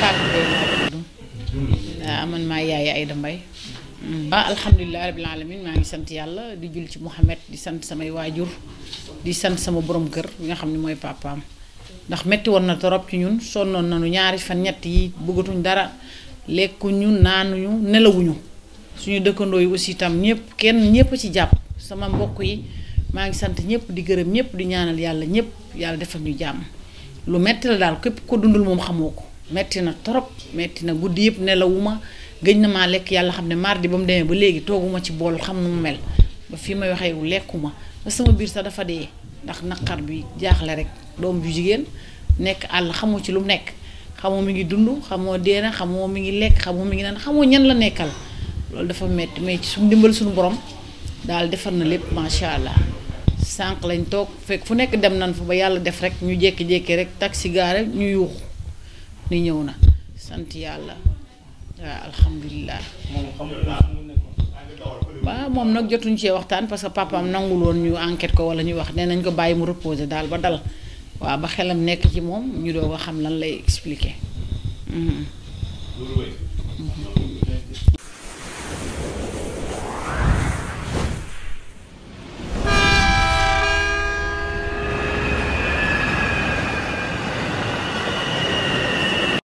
Fatou Mbaye laa tudd waaw man maa yaay Aïda Mbaye alhamdulilah rabbil alamin maa ngi sant yàlla di jul ci Mouhamed di sant samay waajur di sant sama borom kër bi nga xam ne mooy papaam ndax metti woon na torop ci ñun sonnoon nañu ñaari fan ñett yi bëggatuñ dara lekkuñu naanuñu nelawuñu suñu dëkkandoo yi aussi tam ñëpp kenn ñëpp ci jàpp sama mbokk yi maa ngi sant ñëpp di gërëm ñëpp di ñaanal yàlla ñëpp yàlla defal ñu jàmm lu metti la daal képp ko dundul moom xamoo ko metti na trop metti na guddi yëpp nelawuma gëj na maa lekk yàlla xam ne mardi ba mu demee ba léegi tooguma ci bool xam na mu mel ba fii may waxee wu lekkuma ba sama biir sax dafa dee ndax naqar bi jaaxle rek doom ju jigéen nekk àll xamoo ci lu mu nekk xamoo mu ngi dund xamoo dee na xamoo mi ngi lekk xamoo mi ngi naan xamoo ñan la nekkal loolu dafa metti mais ci suñu dimbal suñu borom daal defar na lépp macha allah. sànq lañ toog fekk fu nekk dem nañ fa ba yàlla def rek ñu jékki-jékki rek taxi gaare ñu yuuxu ni ñëw na sant yàlla waaw alhamdulilah. waaw moom nag jotuñ cee waxtaan parce que papaam nangul woon ñu enquête ko wala ñuy wax nee nañ ko bàyyi mu reposer daal ba dal waa ba xelam nekk ci moom ñu doog a xam lan lay expliquer. Mm-hmm. Mm-hmm.